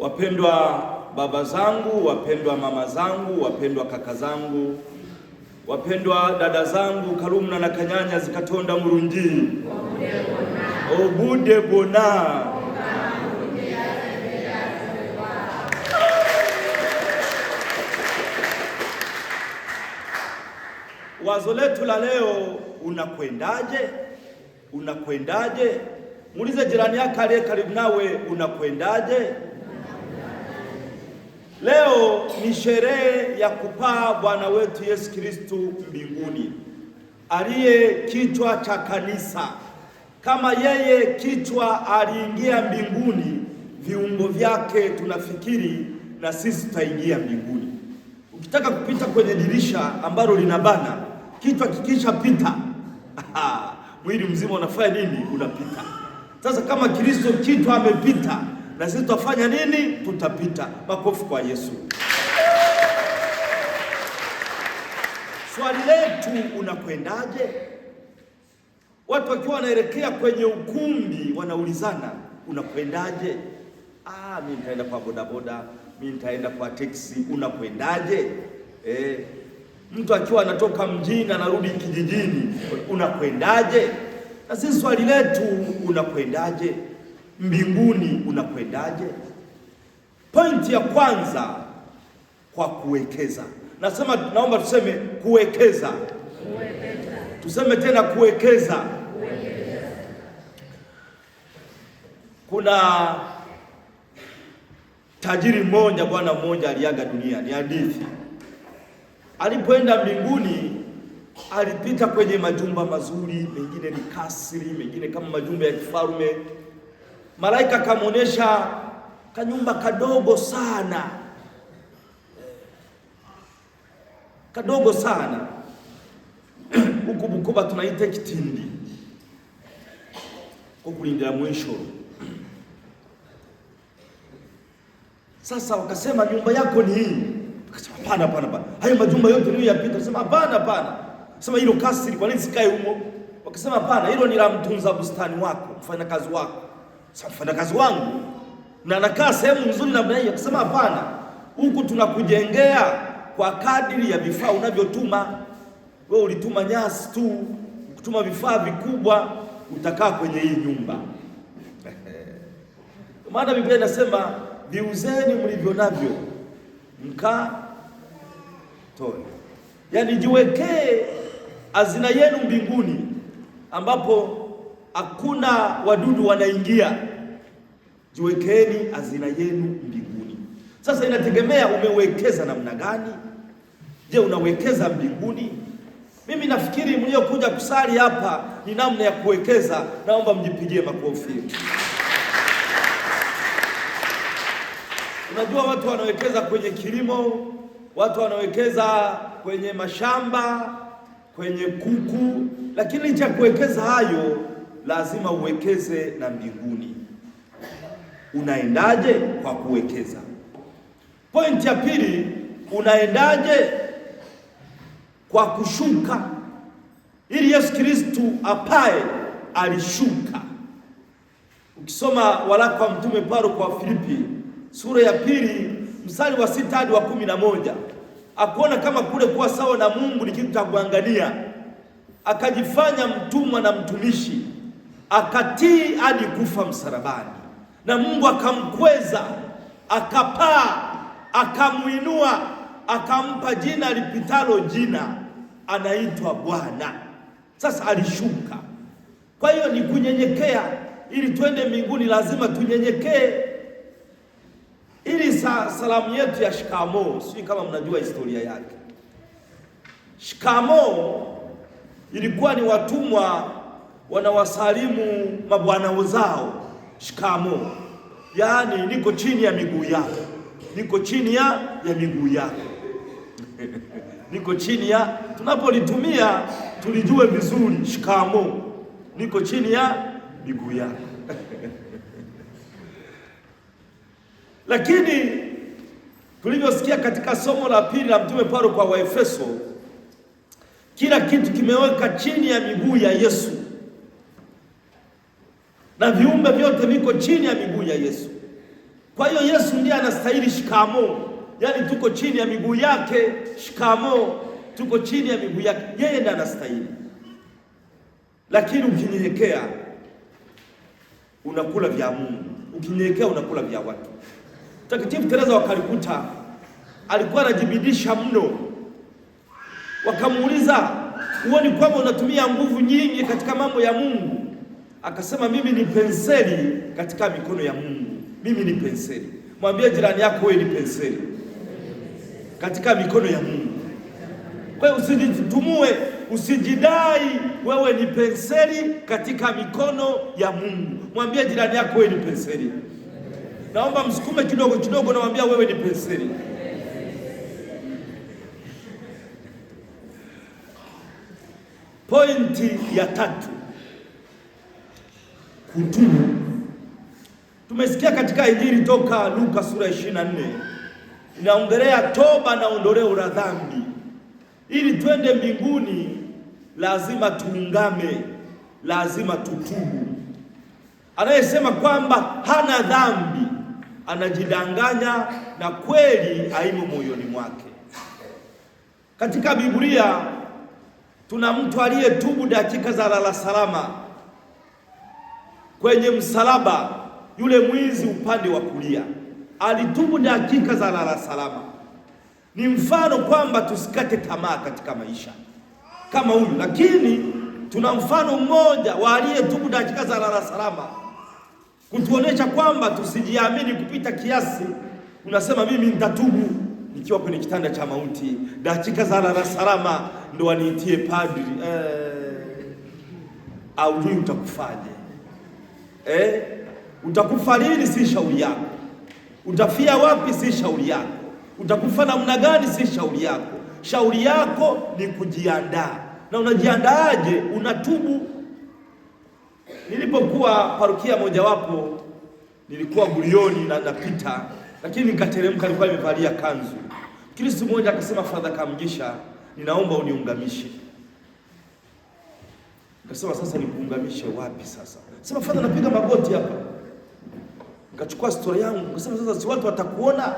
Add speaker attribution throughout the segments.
Speaker 1: Wapendwa baba zangu, wapendwa mama zangu, wapendwa kaka zangu, wapendwa dada zangu Karumna na Kanyanya zikatonda murungi obude oh, bona Wazo letu la leo, unakwendaje? Unakwendaje? Muulize jirani yako aliye karibu nawe, unakwendaje? Leo ni sherehe ya kupaa Bwana wetu Yesu kristu mbinguni, aliye kichwa cha kanisa. Kama yeye kichwa aliingia mbinguni, viungo vyake tunafikiri na sisi tutaingia mbinguni. Ukitaka kupita kwenye dirisha ambalo linabana, kichwa pita, mwili mzima unafanya nini? Unapita. Sasa kama Kristo kichwa amepita na sisi tutafanya nini? Tutapita. Makofi kwa Yesu. Swali letu unakwendaje? Watu wakiwa wanaelekea kwenye ukumbi wanaulizana unakwendaje? Ah, mimi nitaenda kwa bodaboda, mimi nitaenda kwa teksi, unakwendaje? Eh, mtu akiwa anatoka mjini anarudi kijijini, unakwendaje? Na sisi swali letu unakwendaje? mbinguni unakwendaje? Pointi ya kwanza kwa kuwekeza, nasema naomba tuseme kuwekeza,
Speaker 2: kuwekeza.
Speaker 1: Tuseme tena kuwekeza,
Speaker 2: kuwekeza.
Speaker 1: Kuna tajiri mmoja, bwana mmoja aliaga dunia, ni hadithi. Alipoenda mbinguni alipita kwenye majumba mazuri, mengine ni kasri, mengine kama majumba ya kifalme malaika akamwonyesha kanyumba kadogo sana, kadogo sana huku Bukoba tunaita kitindi ko kulindira mwisho. Sasa wakasema nyumba yako ni hii? Akasema hapana, hapana, hapana, hayo majumba yote niliyoyapita. Akasema hapana, hapana. Akasema hilo kasri kwa nini sikae humo? Wakasema hapana, hilo ni la mtunza bustani wako, mfanyakazi wako mfanyakazi wangu na nakaa sehemu nzuri namna hiyo, akasema hapana, huku tunakujengea kwa kadiri ya vifaa unavyotuma wewe. Ulituma nyasi tu, ukutuma vifaa vikubwa, utakaa kwenye hii nyumba maana Biblia inasema viuzeni mlivyo navyo mkatole, yaani jiwekee hazina yenu mbinguni ambapo hakuna wadudu wanaingia. Jiwekeni hazina yenu mbinguni. Sasa inategemea umewekeza namna gani. Je, unawekeza mbinguni? Mimi nafikiri mliokuja kusali hapa ni namna ya kuwekeza. Naomba mjipigie makofi. Unajua, watu wanawekeza kwenye kilimo, watu wanawekeza kwenye mashamba, kwenye kuku, lakini cha kuwekeza hayo lazima uwekeze na mbinguni. Unaendaje? Kwa kuwekeza. Pointi ya pili, unaendaje? Kwa kushuka, ili Yesu Kristu apae alishuka. Ukisoma waraka wa mtume Paulo kwa Filipi sura ya pili mstari wa sita hadi wa kumi na moja akuona kama kule kuwa sawa na Mungu ni kitu cha kuangania, akajifanya mtumwa na mtumishi akatii hadi kufa msalabani, na Mungu akamkweza, akapaa, akamwinua, akampa jina lipitalo jina, anaitwa Bwana. Sasa alishuka. Kwa hiyo ni kunyenyekea. Ili twende mbinguni, lazima tunyenyekee. Ili sa, salamu yetu ya shikamoo, sijui kama mnajua historia yake. Shikamoo ilikuwa ni watumwa wanawasalimu mabwana wazao, shikamo, yaani niko chini ya miguu yako, niko chini ya ya miguu yako niko chini ya. Tunapolitumia tulijue vizuri, shikamo, niko chini ya miguu yako lakini tulivyosikia katika somo la pili la mtume Paulo kwa Waefeso, kila kitu kimeweka chini ya miguu ya Yesu na viumbe vyote viko chini ya miguu ya Yesu. Kwa hiyo Yesu ndiye anastahili shikamo yaani tuko chini ya miguu yake. shikamo tuko chini ya miguu yake, yeye ndiye anastahili. Lakini ukinyenyekea unakula vya Mungu, ukinyenyekea unakula vya watu. Mtakatifu Teresa wa Calcutta alikuwa anajibidisha mno, wakamuuliza, huoni kwamba unatumia nguvu nyingi katika mambo ya Mungu? akasema, mimi ni penseli katika mikono ya Mungu. Mimi ni penseli. Mwambie jirani yako, wewe ni penseli katika mikono ya Mungu. Kwa hiyo usijitumue, usijidai wewe ni penseli katika mikono ya Mungu. Mwambie jirani yako, wewe ni penseli. Naomba msukume kidogo kidogo, nawambia wewe ni penseli. Pointi ya tatu kutubu. Tumesikia katika Injili toka Luka sura 24 inaongelea toba na ondoleo la dhambi. Ili twende mbinguni, lazima tuungame, lazima tutubu. Anayesema kwamba hana dhambi anajidanganya na kweli haimo moyoni mwake. Katika Biblia tuna mtu aliyetubu dakika za lala salama kwenye msalaba, yule mwizi upande wa kulia alitubu dakika za lala salama. Ni mfano kwamba tusikate tamaa katika maisha kama huyu, lakini tuna mfano mmoja wa aliyetubu dakika za lala salama, kutuonesha kwamba tusijiamini kupita kiasi. Unasema mimi nitatubu nikiwa kwenye kitanda cha mauti, dakika za lala salama ndo waniitie padri. Eh, aujui utakufaje eh? Utakufa lini si shauri yako, utafia wapi si shauri yako, utakufa namna gani si shauri yako. Shauri yako ni kujiandaa. Na unajiandaaje? Unatubu. Nilipokuwa parokia mojawapo, nilikuwa gulioni na napita, lakini nikateremka, nilikuwa nimevalia kanzu. Kristo mmoja akasema, Fadha Kamugisha, ninaomba uniungamishe. Nikasema, sasa nikuungamishe wapi sasa Sema fadha, napiga magoti hapa. Nikachukua stori yangu, nikasema sasa, si watu watakuona,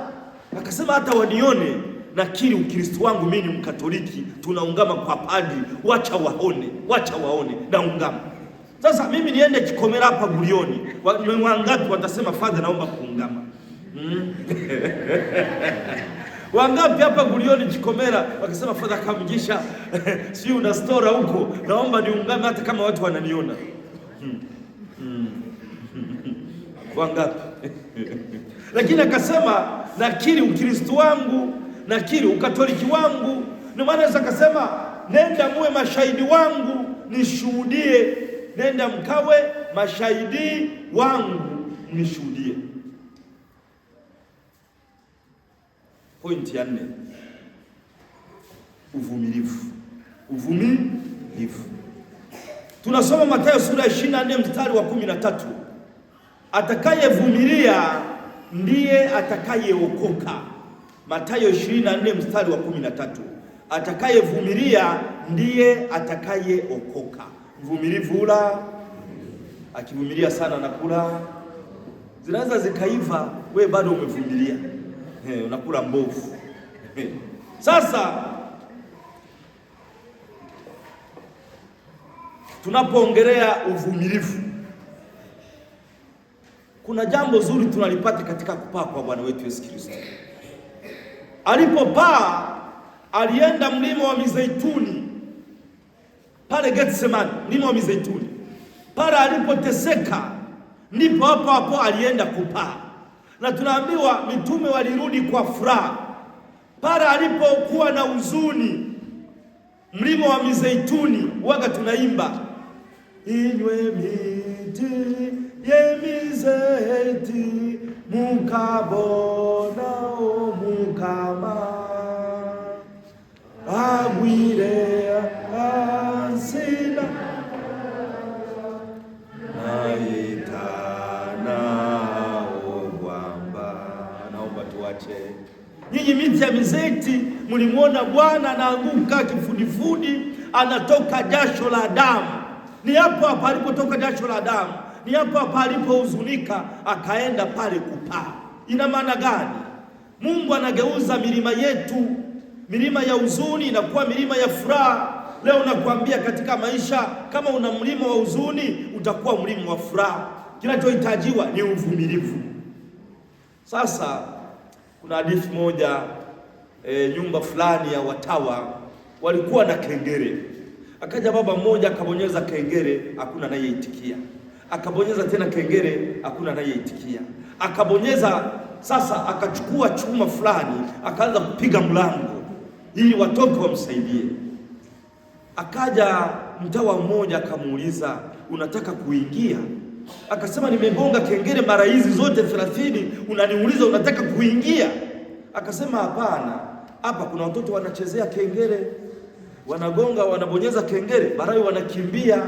Speaker 1: akasema hata wanione, na kiri Ukristo wangu mimi ni Mkatoliki, tunaungama kwa padri, wacha waone, wacha waone, naungama sasa. Mimi niende Kikomera hapa gulioni, wangapi watasema fadha, naomba kuungama mm? Wangapi hapa gulioni Chikomera wakisema fadha, kamjisha si una stora huko, naomba niungame hata kama watu wananiona. wangapi? Lakini akasema nakiri Ukristo wangu, nakiri Ukatoliki wangu. Ndio maana Yesu akasema nenda muwe mashahidi wangu, nishuhudie. Nenda mkawe mashahidi wangu, nishuhudie. Pointi ya nne, uvumilivu. Uvumilivu tunasoma Mathayo sura ya 24 mstari wa kumi na tatu atakayevumilia ndiye atakayeokoka. Mathayo 24 mstari wa 13. Atakayevumilia ndiye atakayeokoka. Mvumilivu hula, akivumilia sana na kula zinaweza zikaiva, we bado umevumilia, unakula mbovu. Sasa tunapoongelea uvumilivu kuna jambo zuri tunalipata katika kupaa kwa Bwana wetu Yesu Kristo. Alipopaa alienda mlima wa Mizeituni pale Getsemani, mlima wa Mizeituni pale alipoteseka, ndipo hapo hapo alienda kupaa, na tunaambiwa mitume walirudi kwa furaha. Pale alipokuwa na huzuni, mlima wa Mizeituni, waga tunaimba inywe miti yemizeti mukabona mukama agwire ansina nayitanao bwamba. Naomba tuwache nyinyi miti ya mizeti, mlimwona Bwana anaanguka kifudifudi, anatoka jasho la damu. Ni hapo hapa alipotoka jasho la damu ni hapo alipohuzunika akaenda pale kupaa. Ina maana gani? Mungu anageuza milima yetu, milima ya huzuni inakuwa milima ya furaha. Leo nakwambia katika maisha, kama una mlima wa huzuni, utakuwa mlima wa furaha. Kinachohitajiwa ni uvumilivu. Sasa kuna hadithi moja e, nyumba fulani ya watawa walikuwa na kengele. Akaja baba mmoja akabonyeza kengele, hakuna anayeitikia akabonyeza tena kengele, hakuna anayeitikia. Akabonyeza sasa, akachukua chuma fulani, akaanza kupiga mlango ili watoke wamsaidie. Akaja mtawa mmoja akamuuliza, unataka kuingia? Akasema, nimegonga kengele mara hizi zote thelathini, unaniuliza unataka kuingia? Akasema, hapana, hapa kuna watoto wanachezea kengele, wanagonga wanabonyeza kengele, mara wanakimbia.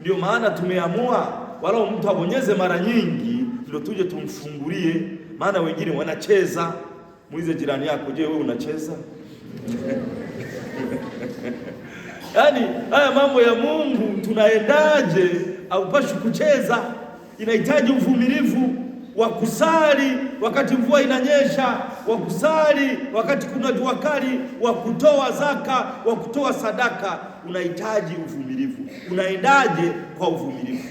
Speaker 1: Ndio maana tumeamua wala mtu abonyeze mara nyingi, ndio tuje tumfungulie, maana wengine wanacheza. Muulize jirani yako, je, wewe unacheza? Yaani haya mambo ya Mungu tunaendaje? Haupashi kucheza, inahitaji uvumilivu wa kusali wakati mvua inanyesha, wa kusali wakati kuna jua kali, wa kutoa zaka, wa kutoa sadaka. Unahitaji uvumilivu. Unaendaje kwa uvumilivu?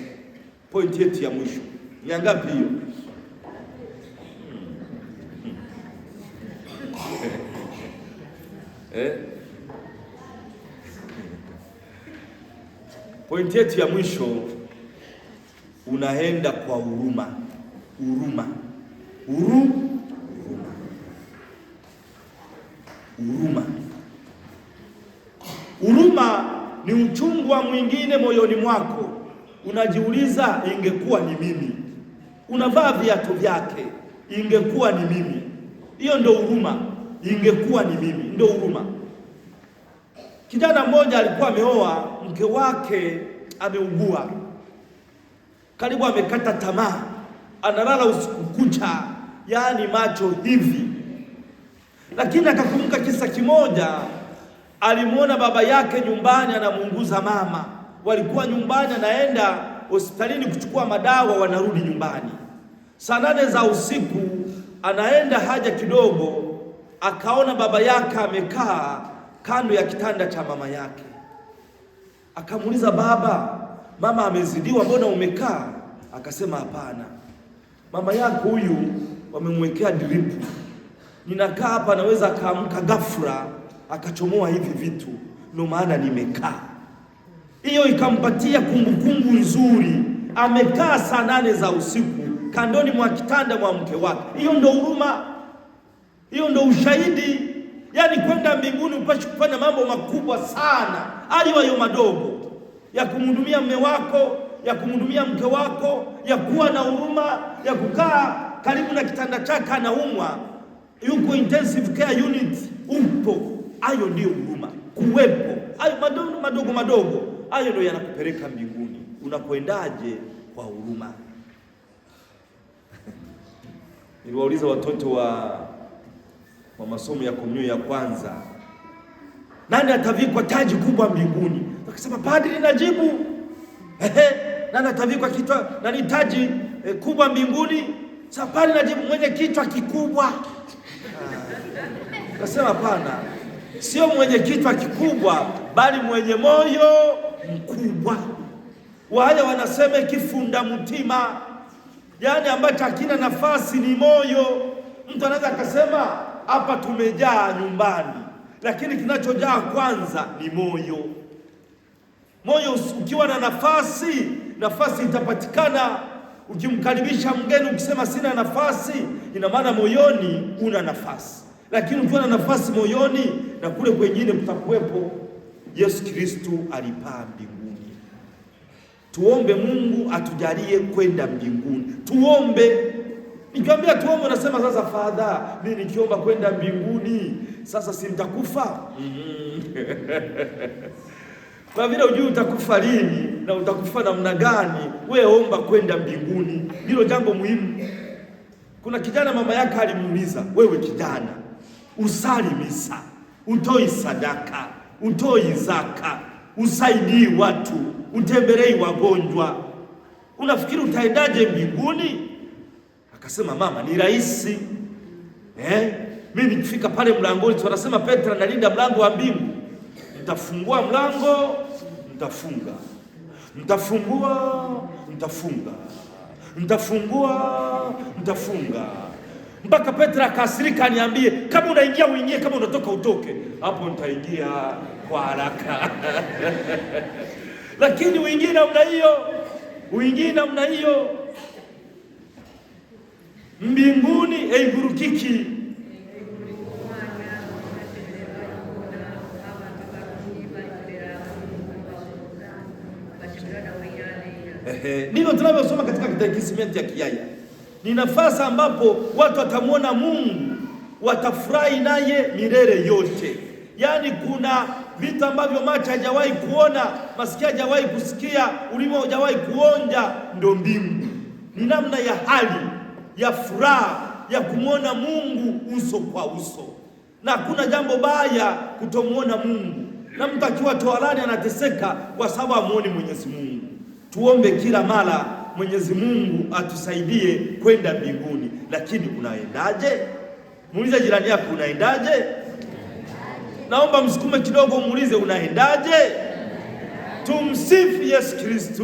Speaker 1: pointi yetu ya mwisho ni ngapi hiyo? Hmm. Eh? Pointi yetu ya mwisho unaenda kwa huruma, huruma, huruma, huruma. Huruma ni uchungwa mwingine moyoni mwako Unajiuliza, ingekuwa ni mimi. Unavaa viatu vyake, ingekuwa ni mimi. Hiyo ndio huruma, ingekuwa ni mimi, ndio huruma. Kijana mmoja alikuwa ameoa, mke wake ameugua, karibu amekata tamaa, analala usiku kucha, yaani macho hivi. Lakini akakumbuka kisa kimoja, alimwona baba yake nyumbani anamuunguza mama walikuwa nyumbani, anaenda hospitalini kuchukua madawa, wanarudi nyumbani saa nane za usiku, anaenda haja kidogo, akaona baba yake amekaa kando ya kitanda cha mama yake. Akamuuliza, baba, mama amezidiwa, mbona umekaa? Akasema, hapana, mama yako huyu wamemwekea dripu, ninakaa hapa, anaweza akaamka ghafla akachomoa hivi vitu, ndio maana nimekaa hiyo ikampatia kumbukumbu nzuri. Amekaa saa nane za usiku kandoni mwa kitanda mwa mke wake. Hiyo ndo huruma, hiyo ndo ushahidi. Yaani kwenda mbinguni upashi kufanya mambo makubwa sana, wayo madogo ya kumhudumia mme wako, ya kumhudumia mke wako, ya kuwa na huruma, ya kukaa karibu na kitanda chake, anaumwa, yuko intensive care unit, upo. Hayo ndiyo huruma, kuwepo hayo madogo madogo madogo hayo ndio yanakupeleka mbinguni. Unakwendaje kwa huruma? Niliwauliza watoto wa wa masomo ya komunio ya kwanza, nani atavikwa taji kubwa mbinguni? Akasema padri, najibu ehe. Nani atavikwa kichwa ni taji eh, kubwa mbinguni? Sapari, najibu mwenye kichwa kikubwa. Akasema hapana, sio mwenye kichwa kikubwa, bali mwenye moyo mkubwa. Wale wanasema kifunda mtima, yaani ambacho hakina nafasi ni moyo. Mtu anaweza akasema hapa tumejaa nyumbani, lakini kinachojaa kwanza ni moyo. Moyo ukiwa na nafasi, nafasi itapatikana. Ukimkaribisha mgeni ukisema sina nafasi, ina maana moyoni una nafasi, lakini ukiwa na nafasi moyoni na kule kwengine kutakuwepo. Yesu Kristu alipaa mbinguni. Tuombe Mungu atujalie kwenda mbinguni, tuombe. Nikiambia tuombe, nasema sasa, Father, mimi nikiomba kwenda mbinguni, sasa si mtakufa? Kwa vile ujui utakufa lini na utakufa namna gani, wewe omba kwenda mbinguni, hilo jambo muhimu. Kuna kijana mama yake alimuuliza, wewe kijana, usali misa, utoi sadaka utoi zaka, usaidii watu, utembelei wagonjwa, unafikiri utaendaje mbinguni? Akasema mama, ni rahisi eh? Mimi nikifika pale mlangoni, wanasema Petro analinda mlango wa mbingu. nitafungua mlango, mtafunga, nitafungua, mtafunga, mtafungua, mtafunga mpaka Petro akasirika, aniambie kama unaingia uingie, kama unatoka utoke. Hapo nitaingia kwa haraka lakini uingie namna hiyo, uingie namna hiyo mbinguni eigurukiki ndivyo tunavyosoma katika kitabu Kisimenti ya Kiyaya. Ni nafasi ambapo watu watamwona Mungu, watafurahi naye milele yote. Yaani kuna vitu ambavyo macho hajawahi kuona, masikio hajawahi kusikia, ulimi hajawahi kuonja, ndio mbingu. Ni namna ya hali ya furaha ya kumwona Mungu uso kwa uso, na hakuna jambo baya kutomwona Mungu, na mtu akiwa toharani anateseka kwa sababu amuoni Mwenyezi Mungu. Tuombe kila mara Mwenyezi Mungu atusaidie kwenda mbinguni. Lakini unaendaje? Muulize jirani yako, unaendaje? Naomba msukume kidogo, muulize unaendaje? Tumsifu Yesu Kristo.